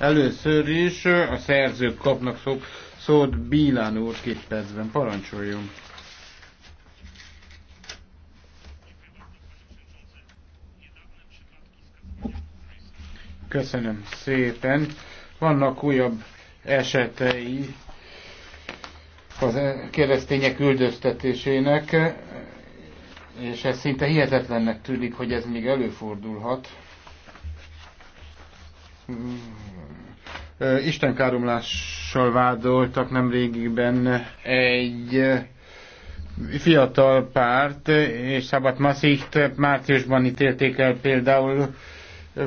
Először is a szerzők kapnak szó, szót Bílán úr két percben. Parancsoljon! Köszönöm szépen. Vannak újabb esetei az e- keresztények üldöztetésének, és ez szinte hihetetlennek tűnik, hogy ez még előfordulhat istenkáromlással vádoltak nemrégiben egy fiatal párt, és Szabad Maszicht márciusban ítélték el például,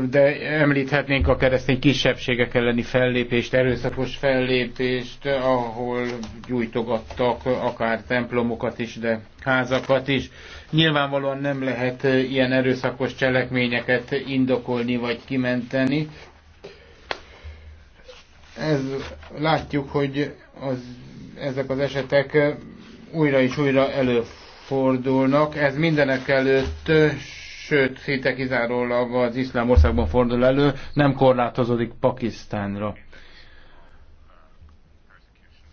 de említhetnénk a keresztény kisebbségek elleni fellépést, erőszakos fellépést, ahol gyújtogattak akár templomokat is, de házakat is. Nyilvánvalóan nem lehet ilyen erőszakos cselekményeket indokolni vagy kimenteni, ez, látjuk, hogy az, ezek az esetek újra és újra előfordulnak. Ez mindenek előtt, sőt, szinte kizárólag az iszlám országban fordul elő, nem korlátozódik Pakisztánra.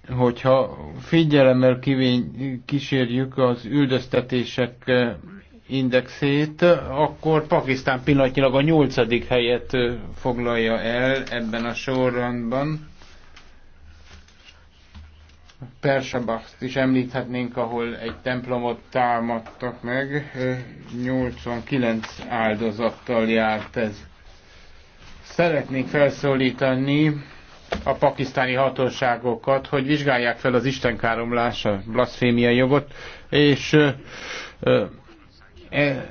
Hogyha figyelemmel kivény, kísérjük az üldöztetések indexét, akkor Pakisztán pillanatnyilag a nyolcadik helyet foglalja el ebben a sorrendben. Persabacht is említhetnénk, ahol egy templomot támadtak meg. 89 áldozattal járt ez. Szeretnénk felszólítani a pakisztáni hatóságokat, hogy vizsgálják fel az istenkáromlás, a blaszfémia jogot, és E,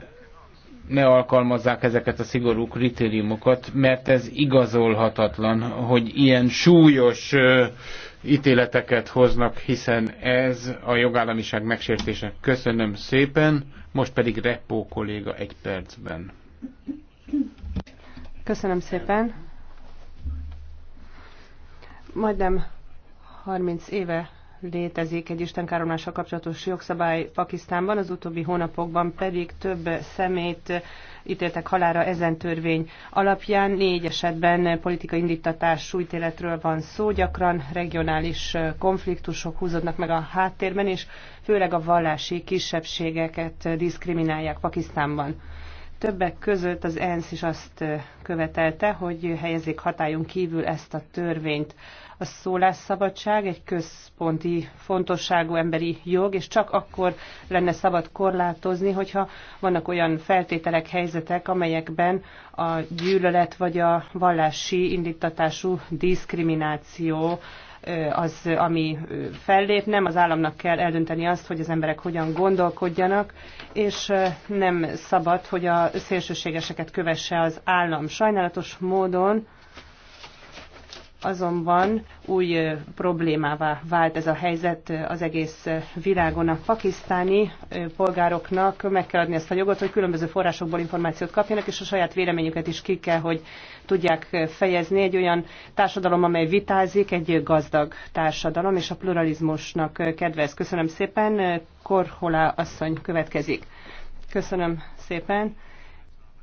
ne alkalmazzák ezeket a szigorú kritériumokat, mert ez igazolhatatlan, hogy ilyen súlyos ítéleteket hoznak, hiszen ez a jogállamiság megsértése. Köszönöm szépen, most pedig Repó kolléga egy percben. Köszönöm szépen. Majdnem 30 éve létezik egy istenkáromlással kapcsolatos jogszabály Pakisztánban, az utóbbi hónapokban pedig több szemét ítéltek halára ezen törvény alapján. Négy esetben politika indítatás ítéletről van szó, gyakran regionális konfliktusok húzódnak meg a háttérben, és főleg a vallási kisebbségeket diszkriminálják Pakisztánban. Többek között az ENSZ is azt követelte, hogy helyezzék hatályon kívül ezt a törvényt. A szólásszabadság egy központi fontosságú emberi jog, és csak akkor lenne szabad korlátozni, hogyha vannak olyan feltételek, helyzetek, amelyekben a gyűlölet vagy a vallási indítatású diszkrimináció az, ami fellép, nem az államnak kell eldönteni azt, hogy az emberek hogyan gondolkodjanak, és nem szabad, hogy a szélsőségeseket kövesse az állam. Sajnálatos módon azonban új problémává vált ez a helyzet az egész világon. A pakisztáni polgároknak meg kell adni ezt a jogot, hogy különböző forrásokból információt kapjanak, és a saját véleményüket is ki kell, hogy tudják fejezni. Egy olyan társadalom, amely vitázik, egy gazdag társadalom, és a pluralizmusnak kedvez. Köszönöm szépen. Korholá asszony következik. Köszönöm szépen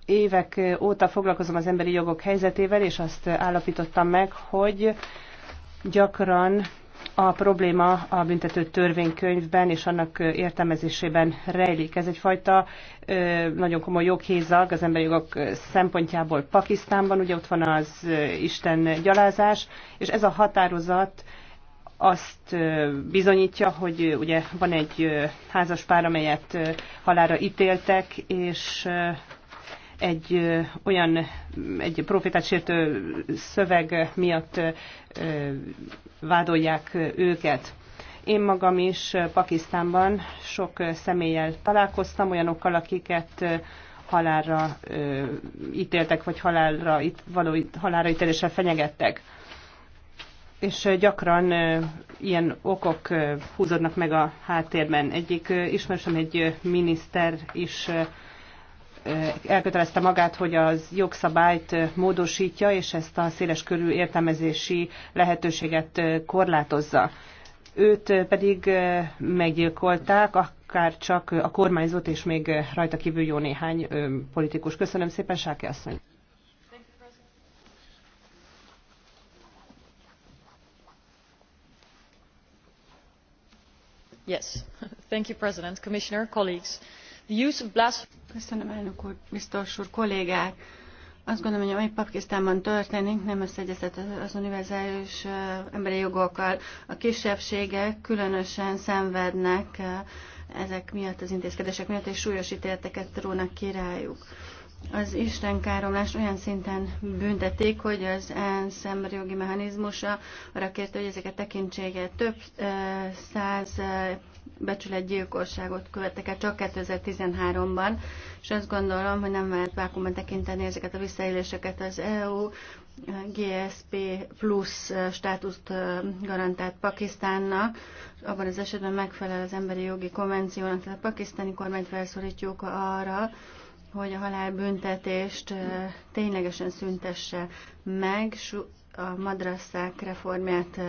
évek óta foglalkozom az emberi jogok helyzetével, és azt állapítottam meg, hogy gyakran a probléma a büntető törvénykönyvben és annak értelmezésében rejlik. Ez egyfajta nagyon komoly joghézag az emberi jogok szempontjából Pakisztánban, ugye ott van az Isten gyalázás, és ez a határozat azt bizonyítja, hogy ugye van egy házaspár, amelyet halára ítéltek, és egy olyan egy profétát sértő szöveg miatt vádolják őket. Én magam is Pakisztánban sok személlyel találkoztam, olyanokkal, akiket halálra ítéltek, vagy halálra, itt, való, halálra ítéléssel fenyegettek. És gyakran ilyen okok húzódnak meg a háttérben. Egyik ismerősöm egy miniszter is elkötelezte magát, hogy az jogszabályt módosítja, és ezt a széles körű értelmezési lehetőséget korlátozza. Őt pedig meggyilkolták, akár csak a kormányzót, és még rajta kívül jó néhány politikus. Köszönöm szépen, Sáki asszony! Yes. Thank you, President, Commissioner, colleagues. Azt gondolom, hogy ami Pakisztánban történik, nem összeegyeztethető az univerzális emberi jogokkal. A kisebbségek különösen szenvednek ezek miatt, az intézkedések miatt, és súlyos téleteket rónak rájuk az káromlás olyan szinten büntették, hogy az ENSZ jogi mechanizmusa arra kérte, hogy ezeket tekintsége több száz becsületgyilkosságot követtek el csak 2013-ban, és azt gondolom, hogy nem lehet vákumban tekinteni ezeket a visszaéléseket az EU, GSP plusz státuszt garantált Pakisztánnak, abban az esetben megfelel az emberi jogi konvenciónak, tehát a pakisztáni kormányt felszólítjuk arra, hogy a halálbüntetést ténylegesen szüntesse meg, a madrasszák reformját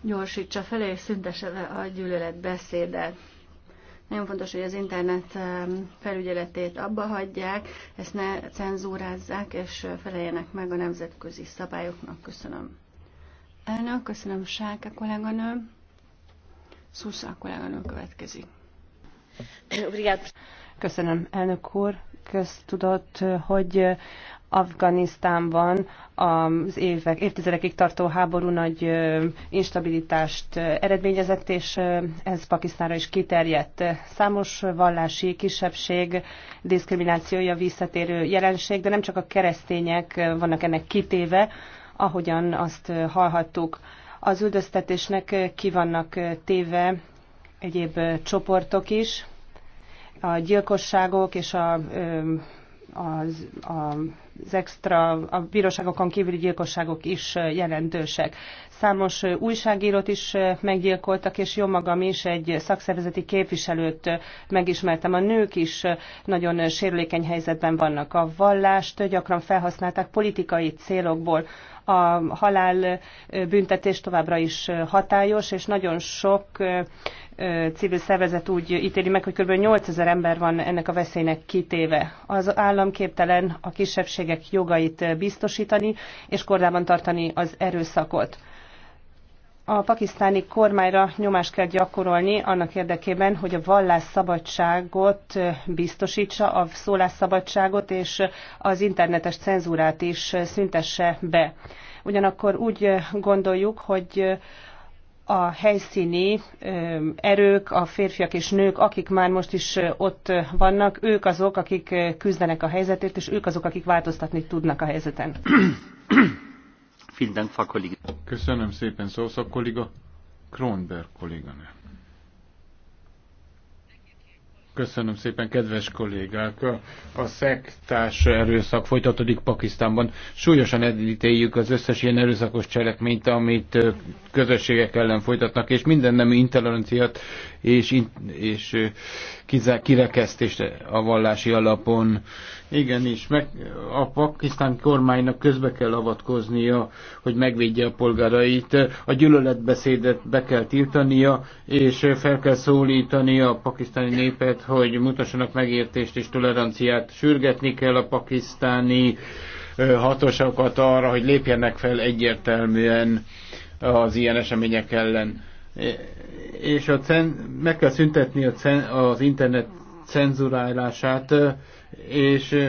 gyorsítsa fel, és szüntesse a gyűlöletbeszédet. Nagyon fontos, hogy az internet felügyeletét abba hagyják, ezt ne cenzúrázzák, és feleljenek meg a nemzetközi szabályoknak. Köszönöm. Elnök, köszönöm Sáke kolléganő. Szusza kolléganő következik. Köszönöm, elnök úr. Köztudott, hogy Afganisztánban az évek, évtizedekig tartó háború nagy instabilitást eredményezett, és ez Pakisztánra is kiterjedt. Számos vallási kisebbség diszkriminációja visszatérő jelenség, de nem csak a keresztények vannak ennek kitéve, ahogyan azt hallhattuk. Az üldöztetésnek ki vannak téve egyéb csoportok is. A gyilkosságok és a, az, az extra, a bíróságokon kívüli gyilkosságok is jelentősek. Számos újságírót is meggyilkoltak, és jó magam is egy szakszervezeti képviselőt megismertem. A nők is nagyon sérülékeny helyzetben vannak. A vallást gyakran felhasználták politikai célokból a halál büntetés továbbra is hatályos, és nagyon sok civil szervezet úgy ítéli meg, hogy kb. 8000 ember van ennek a veszélynek kitéve. Az állam képtelen a kisebbségek jogait biztosítani, és kordában tartani az erőszakot a pakisztáni kormányra nyomást kell gyakorolni annak érdekében, hogy a vallásszabadságot biztosítsa, a szólásszabadságot és az internetes cenzúrát is szüntesse be. Ugyanakkor úgy gondoljuk, hogy a helyszíni erők, a férfiak és nők, akik már most is ott vannak, ők azok, akik küzdenek a helyzetért, és ők azok, akik változtatni tudnak a helyzeten. Köszönöm szépen, Szószak kolléga. Kronberg kolléganő. Köszönöm szépen, kedves kollégák! A szektás erőszak folytatódik Pakisztánban. Súlyosan edítéljük az összes ilyen erőszakos cselekményt, amit közösségek ellen folytatnak, és minden nemű intoleranciát és, és kirekesztést a vallási alapon. Igenis, meg, a pakisztán kormánynak közbe kell avatkoznia, hogy megvédje a polgárait, a gyűlöletbeszédet be kell tiltania, és fel kell szólítania a pakisztáni népet, hogy mutassanak megértést és toleranciát. Sürgetni kell a pakisztáni hatosokat arra, hogy lépjenek fel egyértelműen az ilyen események ellen. És a cen- meg kell szüntetni a cen- az internet cenzurálását, és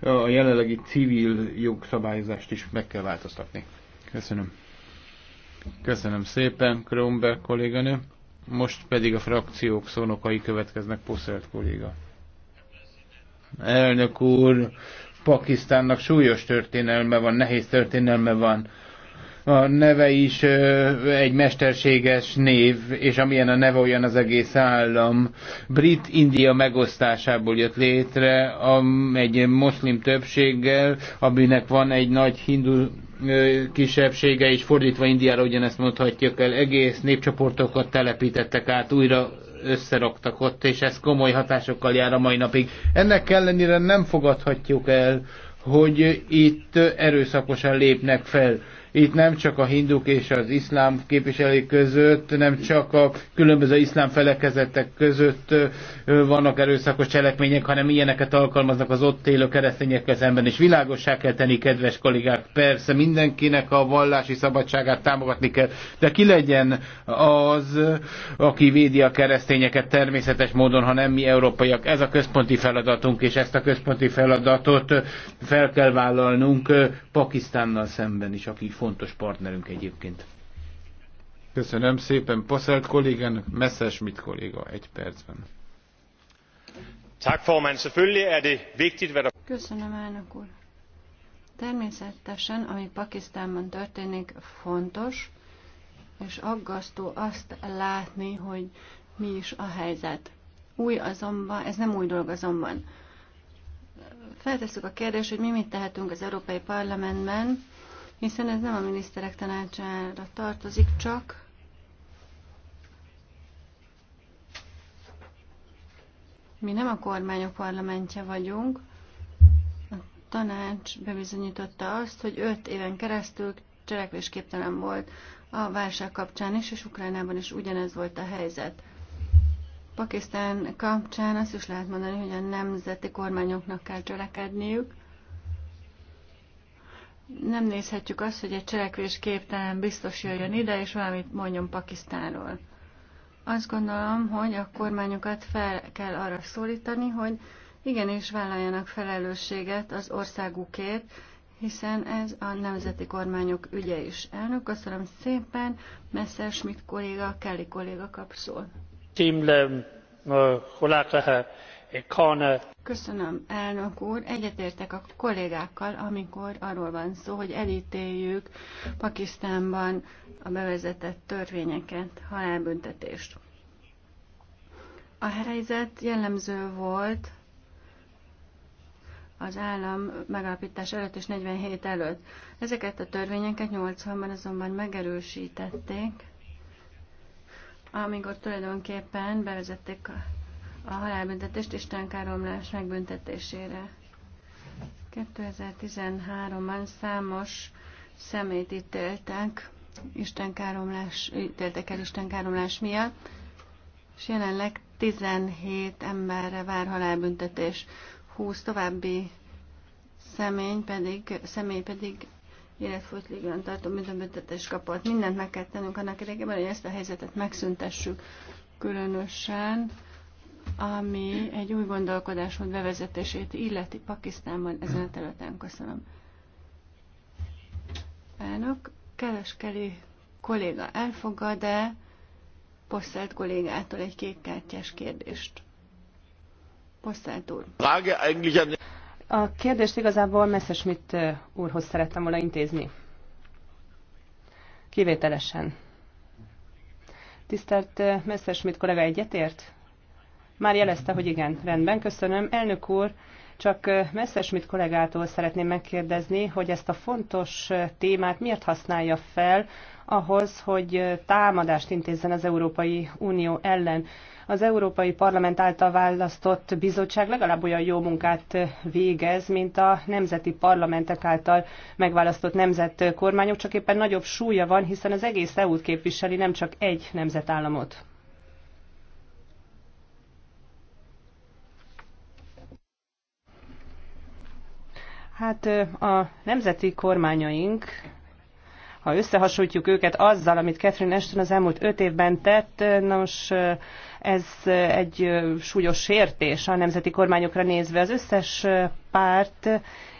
a jelenlegi civil jogszabályozást is meg kell változtatni. Köszönöm. Köszönöm szépen, Kronberg kolléganő. Most pedig a frakciók szónokai következnek, Poszelt kolléga. Elnök úr, Pakisztánnak súlyos történelme van, nehéz történelme van a neve is egy mesterséges név, és amilyen a neve, olyan az egész állam. Brit-India megosztásából jött létre a, egy moszlim többséggel, aminek van egy nagy hindu kisebbsége, és fordítva Indiára ugyanezt mondhatjuk el, egész népcsoportokat telepítettek át, újra összeraktak ott, és ez komoly hatásokkal jár a mai napig. Ennek ellenére nem fogadhatjuk el, hogy itt erőszakosan lépnek fel itt nem csak a hinduk és az iszlám képviselői között, nem csak a különböző iszlám felekezetek között vannak erőszakos cselekmények, hanem ilyeneket alkalmaznak az ott élő keresztényekkel szemben. És világossá kell tenni, kedves kollégák, persze mindenkinek a vallási szabadságát támogatni kell, de ki legyen az, aki védi a keresztényeket természetes módon, ha nem mi európaiak. Ez a központi feladatunk, és ezt a központi feladatot fel kell vállalnunk Pakisztánnal szemben is, aki fontos partnerünk egyébként. Köszönöm szépen. Passzelt messes mit kolléga, egy percben. Er Köszönöm, elnök úr. Természetesen, ami Pakisztánban történik, fontos, és aggasztó azt látni, hogy mi is a helyzet. Új azonban, ez nem új dolog azonban. Feltesszük a kérdést, hogy mi mit tehetünk az Európai Parlamentben, hiszen ez nem a miniszterek tanácsára tartozik csak, Mi nem a kormányok parlamentje vagyunk. A tanács bebizonyította azt, hogy öt éven keresztül cselekvésképtelen volt a válság kapcsán is, és Ukrajnában is ugyanez volt a helyzet. Pakisztán kapcsán azt is lehet mondani, hogy a nemzeti kormányoknak kell cselekedniük, nem nézhetjük azt, hogy egy képtelen biztos jöjjön ide, és valamit mondjon Pakisztánról. Azt gondolom, hogy a kormányokat fel kell arra szólítani, hogy igenis vállaljanak felelősséget az országukért, hiszen ez a nemzeti kormányok ügye is. Elnök, köszönöm szépen, Schmidt kolléga, Kelly kolléga kapszol. le, uh, Köszönöm, elnök úr. Egyetértek a kollégákkal, amikor arról van szó, hogy elítéljük Pakisztánban a bevezetett törvényeket, halálbüntetést. A helyzet jellemző volt az állam megalapítás előtt és 47 előtt. Ezeket a törvényeket 80-ban azonban megerősítették, amikor tulajdonképpen bevezették a a halálbüntetést istenkáromlás megbüntetésére. 2013-ban számos szemét ítéltek, istenkáromlás, ítéltek el istenkáromlás miatt, és jelenleg 17 emberre vár halálbüntetés, 20 további személy pedig, személy pedig életfogytiglan tartó büntetés kapott. Mindent meg kell tennünk annak érdekében, hogy ezt a helyzetet megszüntessük. Különösen ami egy új gondolkodásmód bevezetését illeti Pakisztánban ezen a területen. Köszönöm. Elnök, Keleskeli kolléga elfogad-e Posselt kollégától egy kékkártyás kérdést? posztelt úr. A kérdést igazából Messerschmitt úrhoz szerettem volna intézni. Kivételesen. Tisztelt Messerschmitt kollega egyetért? Már jelezte, hogy igen, rendben, köszönöm. Elnök úr, csak Messerschmidt kollégától szeretném megkérdezni, hogy ezt a fontos témát miért használja fel ahhoz, hogy támadást intézzen az Európai Unió ellen. Az Európai Parlament által választott bizottság legalább olyan jó munkát végez, mint a nemzeti parlamentek által megválasztott nemzetkormányok, csak éppen nagyobb súlya van, hiszen az egész EU-t képviseli, nem csak egy nemzetállamot. Hát a nemzeti kormányaink, ha összehasonlítjuk őket azzal, amit Catherine Ashton az elmúlt öt évben tett, nos, ez egy súlyos sértés a nemzeti kormányokra nézve. Az összes párt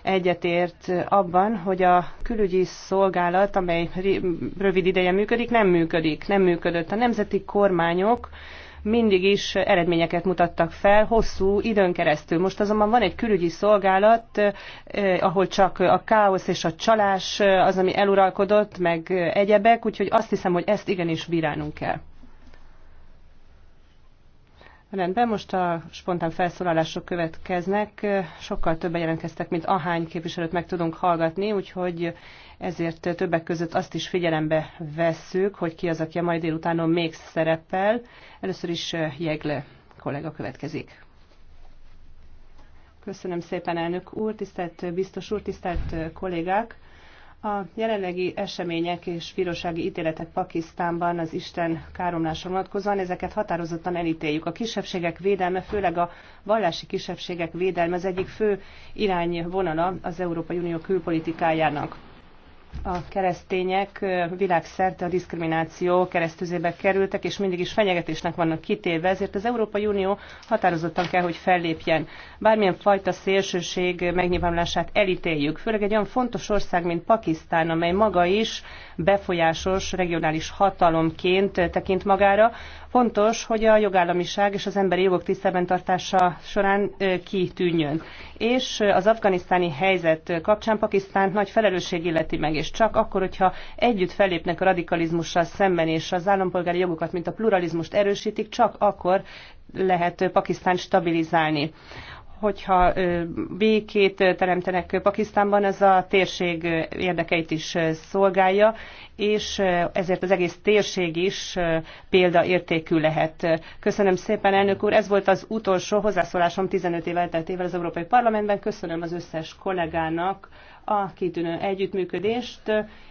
egyetért abban, hogy a külügyi szolgálat, amely rövid ideje működik, nem működik, nem működött. A nemzeti kormányok mindig is eredményeket mutattak fel hosszú időn keresztül. Most azonban van egy külügyi szolgálat, eh, ahol csak a káosz és a csalás eh, az, ami eluralkodott, meg egyebek, úgyhogy azt hiszem, hogy ezt igenis bírálnunk kell. Rendben, most a spontán felszólalások következnek. Sokkal többen jelentkeztek, mint ahány képviselőt meg tudunk hallgatni, úgyhogy ezért többek között azt is figyelembe vesszük, hogy ki az, aki a mai délutánon még szerepel. Először is Jegle kollega következik. Köszönöm szépen, elnök úr, tisztelt biztos úr, tisztelt kollégák! A jelenlegi események és bírósági ítéletek Pakisztánban az Isten káromlásra vonatkozóan, ezeket határozottan elítéljük. A kisebbségek védelme, főleg a vallási kisebbségek védelme az egyik fő irányvonala az Európai Unió külpolitikájának a keresztények világszerte a diszkrimináció keresztüzébe kerültek, és mindig is fenyegetésnek vannak kitéve, ezért az Európai Unió határozottan kell, hogy fellépjen. Bármilyen fajta szélsőség megnyilvánulását elítéljük, főleg egy olyan fontos ország, mint Pakisztán, amely maga is befolyásos regionális hatalomként tekint magára. Fontos, hogy a jogállamiság és az emberi jogok tisztelben tartása során kitűnjön. És az afganisztáni helyzet kapcsán Pakisztánt nagy felelősség illeti meg, és csak akkor, hogyha együtt felépnek a radikalizmussal szemben, és az állampolgári jogokat, mint a pluralizmust erősítik, csak akkor lehet Pakisztán stabilizálni hogyha békét teremtenek Pakisztánban, ez a térség érdekeit is szolgálja, és ezért az egész térség is példaértékű lehet. Köszönöm szépen, elnök úr. Ez volt az utolsó hozzászólásom 15 év elteltével az Európai Parlamentben. Köszönöm az összes kollégának a kitűnő együttműködést,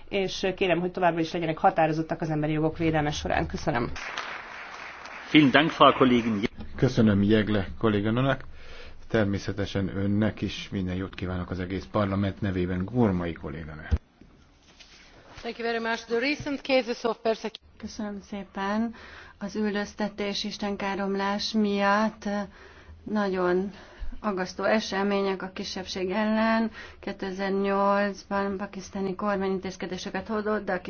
és kérem, hogy továbbra is legyenek határozottak az emberi jogok védelme során. Köszönöm. Köszönöm Jegle kolléganőnek. Természetesen önnek is minden jót kívánok az egész parlament nevében, Gormai kolléganő. Köszönöm szépen. Az üldöztetés, istenkáromlás miatt nagyon agasztó események a kisebbség ellen. 2008-ban pakisztáni kormány intézkedéseket hozott, de a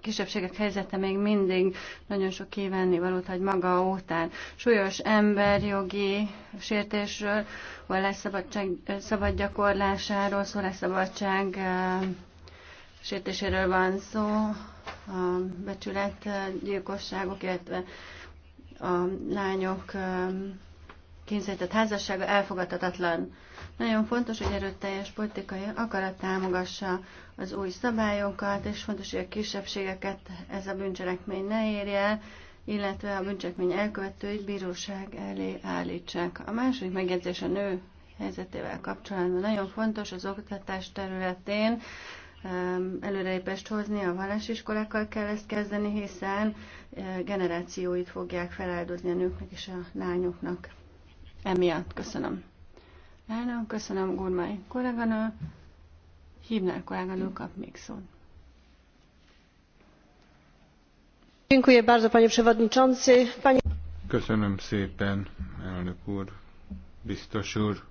kisebbségek helyzete még mindig nagyon sok kívánnivalót hagy maga után. Súlyos emberjogi sértésről, szabadság, szabad gyakorlásáról, szabadság sértéséről van szó, a becsületgyilkosságok, illetve a lányok kényszerített házassága elfogadhatatlan. Nagyon fontos, hogy erőteljes politikai akarat támogassa az új szabályokat, és fontos, hogy a kisebbségeket ez a bűncselekmény ne érje illetve a bűncselekmény elkövetőit bíróság elé állítsák. A második megjegyzés a nő helyzetével kapcsolatban. Nagyon fontos az oktatás területén um, előrelépést hozni, a vallásiskolákkal kell ezt kezdeni, hiszen uh, generációit fogják feláldozni a nőknek és a lányoknak. Emiatt köszönöm. Elnök, köszönöm Gurmai kolléganő. Hívnál kolléganő kap még szót. Köszönöm szépen, elnök úr, biztos úr.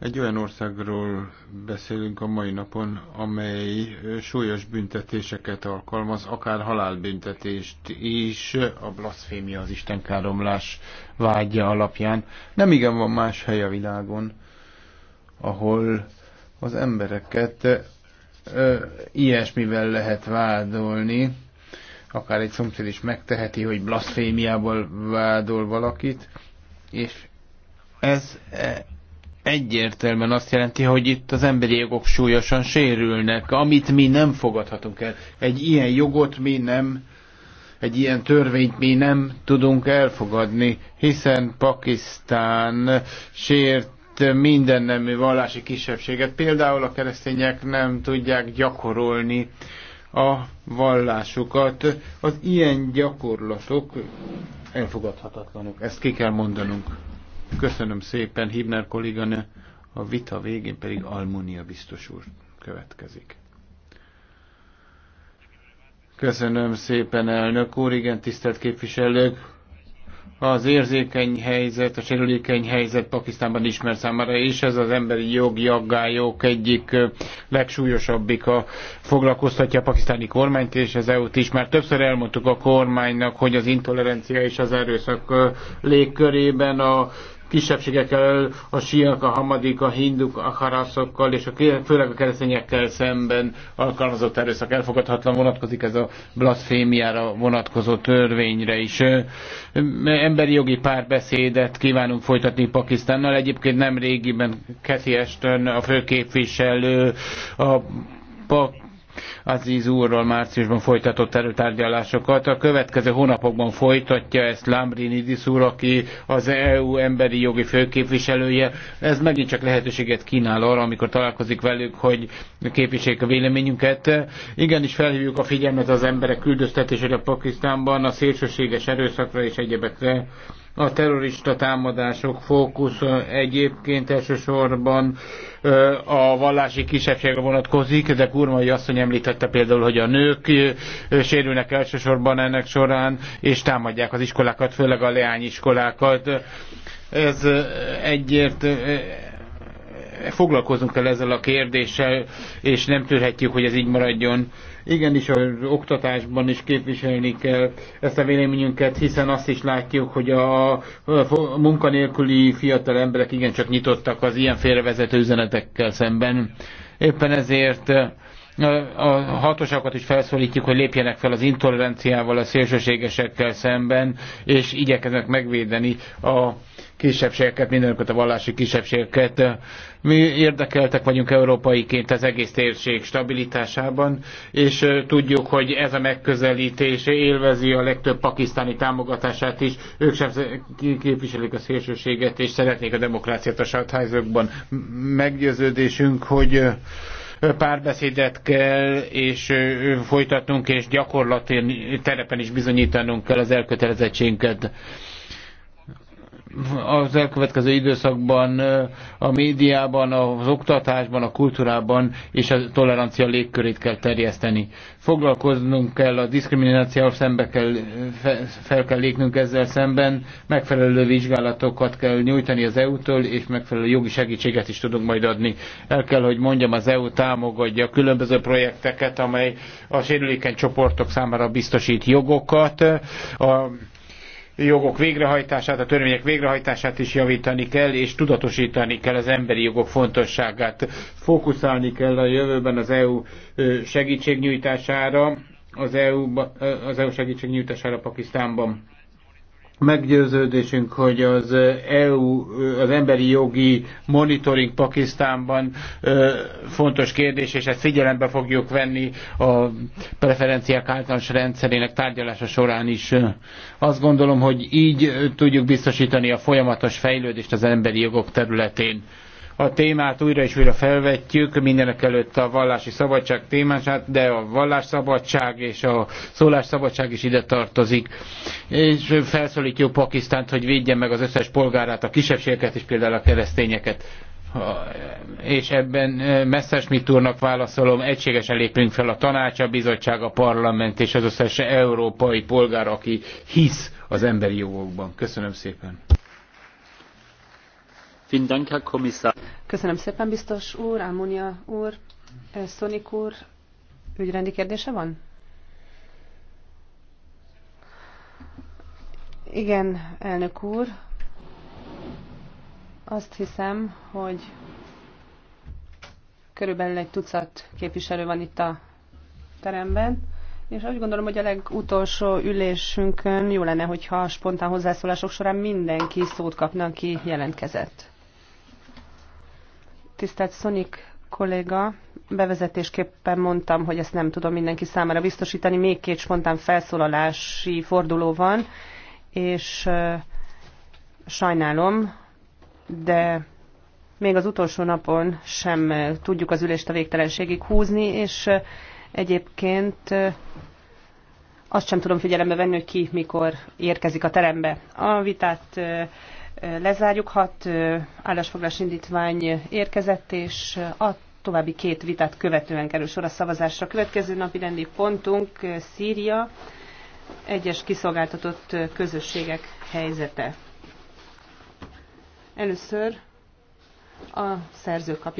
Egy olyan országról beszélünk a mai napon, amely súlyos büntetéseket alkalmaz, akár halálbüntetést is, a blasfémia, az istenkáromlás vágya alapján. Nem igen van más hely a világon, ahol az embereket ö, ilyesmivel lehet vádolni, akár egy szomszéd is megteheti, hogy blasfémiával vádol valakit, és ez e, egyértelműen azt jelenti, hogy itt az emberi jogok súlyosan sérülnek, amit mi nem fogadhatunk el. Egy ilyen jogot mi nem, egy ilyen törvényt mi nem tudunk elfogadni, hiszen Pakisztán sért minden nemű vallási kisebbséget. Például a keresztények nem tudják gyakorolni a vallásukat. Az ilyen gyakorlatok elfogadhatatlanok. Ezt ki kell mondanunk. Köszönöm szépen, Hibner kolléganő. A vita végén pedig Almunia biztos úr következik. Köszönöm szépen, elnök úr, igen, tisztelt képviselők. Az érzékeny helyzet, a sérülékeny helyzet Pakisztánban ismer számára, és ez az emberi jogi aggályok egyik legsúlyosabbik a foglalkoztatja a pakisztáni kormányt, és az EU-t is. Már többször elmondtuk a kormánynak, hogy az intolerancia és az erőszak légkörében a kisebbségekkel, a siak, a hamadik, a hinduk, a haraszokkal és a, főleg a keresztényekkel szemben alkalmazott erőszak elfogadhatlan vonatkozik ez a blasfémiára vonatkozó törvényre is. Emberi jogi párbeszédet kívánunk folytatni Pakisztánnal. Egyébként nem régiben Cathy Ashton, a főképviselő, a pak Aziz úrral márciusban folytatott erőtárgyalásokat. A következő hónapokban folytatja ezt Lambrinidis úr, aki az EU emberi jogi főképviselője. Ez megint csak lehetőséget kínál arra, amikor találkozik velük, hogy képviseljék a véleményünket. Igenis felhívjuk a figyelmet az emberek küldöztetésére Pakisztánban, a szélsőséges erőszakra és egyebekre a terrorista támadások fókusz egyébként elsősorban a vallási kisebbségre vonatkozik, de Kurmai asszony említette például, hogy a nők sérülnek elsősorban ennek során, és támadják az iskolákat, főleg a leányiskolákat. Ez egyért foglalkoznunk kell ezzel a kérdéssel, és nem tűrhetjük, hogy ez így maradjon. Igenis, az oktatásban is képviselni kell ezt a véleményünket, hiszen azt is látjuk, hogy a munkanélküli fiatal emberek igencsak nyitottak az ilyen félrevezető üzenetekkel szemben. Éppen ezért a hatóságokat is felszólítjuk, hogy lépjenek fel az intoleranciával, a szélsőségesekkel szemben, és igyekeznek megvédeni a kisebbségeket, mindenkit a vallási kisebbségeket. Mi érdekeltek vagyunk európaiként az egész térség stabilitásában, és tudjuk, hogy ez a megközelítés élvezi a legtöbb pakisztáni támogatását is. Ők sem képviselik a szélsőséget, és szeretnék a demokráciát a sátházokban. Meggyőződésünk, hogy párbeszédet kell és folytatnunk, és gyakorlati terepen is bizonyítanunk kell az elkötelezettségünket az elkövetkező időszakban a médiában, az oktatásban, a kultúrában és a tolerancia légkörét kell terjeszteni. Foglalkoznunk kell a diszkriminációval, szembe kell, fel kell lépnünk ezzel szemben, megfelelő vizsgálatokat kell nyújtani az EU-től, és megfelelő jogi segítséget is tudunk majd adni. El kell, hogy mondjam, az EU támogatja a különböző projekteket, amely a sérülékeny csoportok számára biztosít jogokat, a jogok végrehajtását, a törvények végrehajtását is javítani kell, és tudatosítani kell az emberi jogok fontosságát. Fókuszálni kell a jövőben az EU segítségnyújtására, az EU, az EU segítségnyújtására Pakisztánban meggyőződésünk, hogy az EU, az emberi jogi monitoring Pakisztánban fontos kérdés, és ezt figyelembe fogjuk venni a preferenciák általános rendszerének tárgyalása során is. Azt gondolom, hogy így tudjuk biztosítani a folyamatos fejlődést az emberi jogok területén a témát újra és újra felvetjük, mindenek előtt a vallási szabadság témását, de a vallásszabadság és a szólásszabadság is ide tartozik. És felszólítjuk Pakisztánt, hogy védje meg az összes polgárát, a kisebbségeket és például a keresztényeket és ebben eh, mit úrnak válaszolom, egységesen lépünk fel a tanács, a bizottság, a parlament és az összes európai polgár, aki hisz az emberi jogokban. Köszönöm szépen. Köszönöm szépen, biztos úr, Ámónia úr, eh, Szonik úr. Ügyrendi kérdése van? Igen, elnök úr. Azt hiszem, hogy körülbelül egy tucat képviselő van itt a teremben, és úgy gondolom, hogy a legutolsó ülésünkön jó lenne, hogyha spontán hozzászólások során mindenki szót kapna, aki jelentkezett. Tisztelt Szonik kolléga, bevezetésképpen mondtam, hogy ezt nem tudom mindenki számára biztosítani. Még két spontán felszólalási forduló van, és sajnálom, de még az utolsó napon sem tudjuk az ülést a végtelenségig húzni, és egyébként azt sem tudom figyelembe venni, hogy ki mikor érkezik a terembe. A vitát lezárjuk. Hat állásfoglalás indítvány érkezett, és a további két vitát követően kerül sor a szavazásra. Következő napi rendi pontunk Szíria, egyes kiszolgáltatott közösségek helyzete. Először a szerzők kapja.